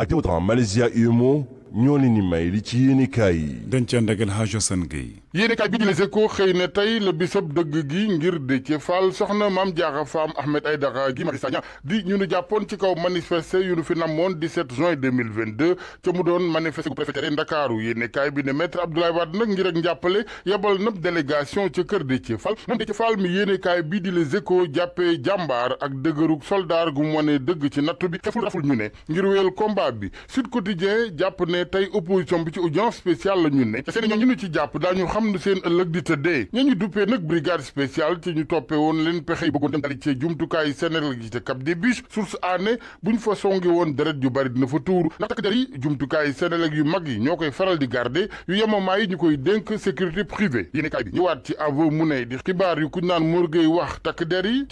a ke o tloga malaysia e ñoo leen ni may li ci yéenekaay yi. dañ ca ndagal Hadj Assane yéenekaay bi di Les Échos xëy na tey la bisab dëgg gi ngir Déthié Fall soxna Mame Diarra Fam Ahmed Aïdara gi Mari Sagna di ñu nu jàppoon ci kaw manifester yu nu fi namoon 17 juin 2022 ca mu doon manifester gu préfecture Ndakaaru yéenekaay bi ne maître Abdoulaye Wade nag ngir ak njàppale yebal nab délégation ca kër Déthié Fall moom Déthié Fall mi yéenekaay bi di Les Échos jàppee jàmbaar ak dëgërug soldaar gu mu wane dëgg ci nattu bi xeful raful ñu ne ngir wéyal bi ne tey opposition bi ci audience spéciale la ñu ne te seen ñoom ñu ci jàpp daañu xam ne seen ëllëg di tëddee ña ñu duppee nag brigade spéciale ci ñu toppee woon leen pexe yi bëggoon dem ci jumtukaayu Sénégal gi ca Cap des Biches source aané buñ fa songi woon deret yu bari dina fa tuuru ndax takk der yi jumtukaayu Sénégal yu mag yi ñoo koy faral di garder yu yemamaay yi ñu koy dénk sécurité privée yéeni kaay bi ñëwaat ci avo mu ne di xibaar yu kuñ naan morgey wax takk der yi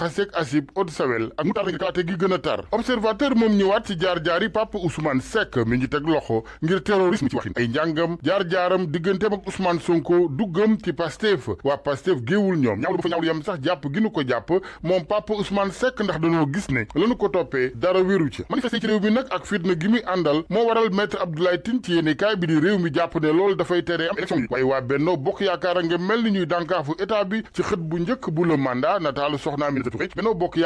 a songe ji Abdoulaye Sawel ak mu tarkaate gi gën a tar observateur moom ñëwaat ci jaar-jaari Pape Ousmane Seck mi ñu teg loxo ngir terrorisme ci waxin ay njàngam jaar-jaaram digganteem ak Ousmane Sonko duggam ci Pastef waa Pastef géewul ñoom ñaawlu dafa ñaawlu yam sax jàpp gi ko jàpp moom Pape Ousmane Seck ndax dañoo gis ne lanu ko toppee dara wéru ci manifesté ci réew mi nag ak fitna gi muy àndal moo waral maître Abdoulaye Tine ci yéene kaay bi di réew mi jàpp ne loolu dafay teree am élection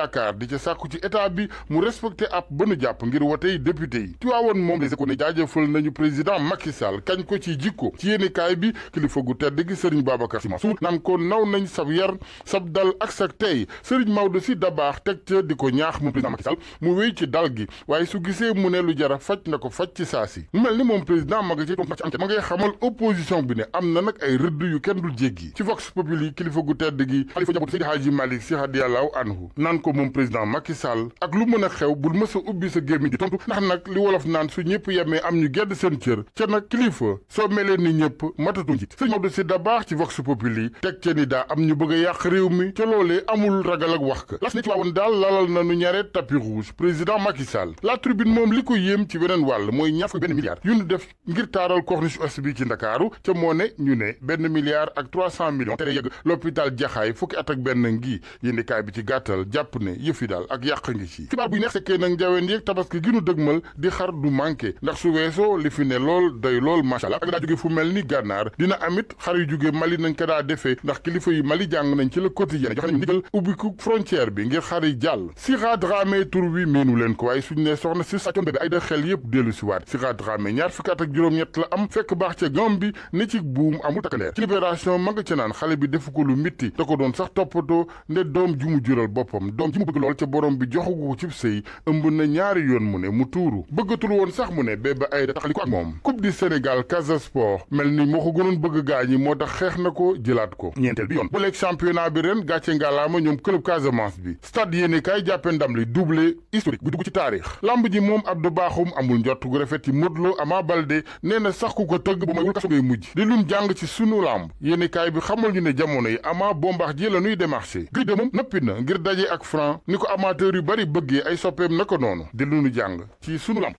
a Dakar di ca sàkku ci état bi mu respecté ab bënu jàpp ngir wotey député yi Tiwaawoon moom les ko ne jaajëfal nañu président Macky Sall kañ ko ci jikko ci yéenekaay bi kilifa gu tedd gi Serigne Babacar Sy Mansour naan ko naw nañ sab yar sab dal ak sa tey Serigne Maodo Sy Dabakh teg ca di ko ñaax moom président Macky Sall mu wéy ci dal gi waaye su gisee mu ne lu jara faj na ko faj ci saa si mu mel ni moom président ma ci ma ngay xamal opposition bi na nag ay rëdd yu kenn dul jéggi moom président Macky Sall ak lu mën a xew bul mës a ubbi sa gémmiñ di tontu ndax nag li wolof naan su ñëpp yemee am ñu gedd seen cër ca nag kilifa soo melee ni matatu ci sëñ Maodo Sy Dabakh ci Vox Populi teg ca ni daa am ñu bëgg a yàq réew mi ca amul ragal ak wax ka las ni ci waawoon daal lalal nanu ñaare tapis rouge président Macky Sall la moom li ko yéem ci beneen wàll mooy ñaar fukk benn milliard yu ñu def ngir taaral corniche ouest bi ci yëf yi daal ak yàq ngi ci xibaar buy neex sekkee nag njaween yeeg tabaski gi nu dëgmal di xar du manqué ndax su weesoo li fi ne lool doy lool machallah ak daa jóge fu mel ni gànnaar dina amit xar yu jóge Mali nañ ko daa defee ndax kilifa yi Mali jàng nañ ci le quotidien jox nañ ndigal ubbiku frontière bi ngir xar yi jàll Sira Dramé tur wi miinu leen ko waaye suñ ne soxna si sàccoon bébé ay da xel yëpp dellu si waat Sira Dramé ñaar fukki ak juróom-ñett la am fekk baax ca Gambie ni ci buum amul takkaleer ci ma nga naan xale bi defu ko lu mitti da ko doon sax toppatoo doom ju mu boppam doom mu bëgg lool ca borom bi ko cib sëy ëmb na ñaari yoon mu ne mu tuuru bëggatul woon sax mu ne Bébé Aïda taxali ko ak moom coupe du Sénégal Casa Sport mel ni moo ko gënoon bëgg ren gàcce ngalaama ñoom club Casamance bi stade yéene jàppe ndam li doublé historique bu dugg ci taarix lamb ji moom Abdou Bakhoum amul njott gu rafet yi Modou Lo Ama nee na sax ko tëgg bu may wul kaso ngay mujj di lum jàng ci sunu lamb yéene bi xamal ñu ne jamono yi Ama Bombardier la ñuy démarché gëj moom noppi na ngir daje ak Franc ni ko amateur yu bari bëggee ay soppeem naka noonu di lu jàng ci sunu lam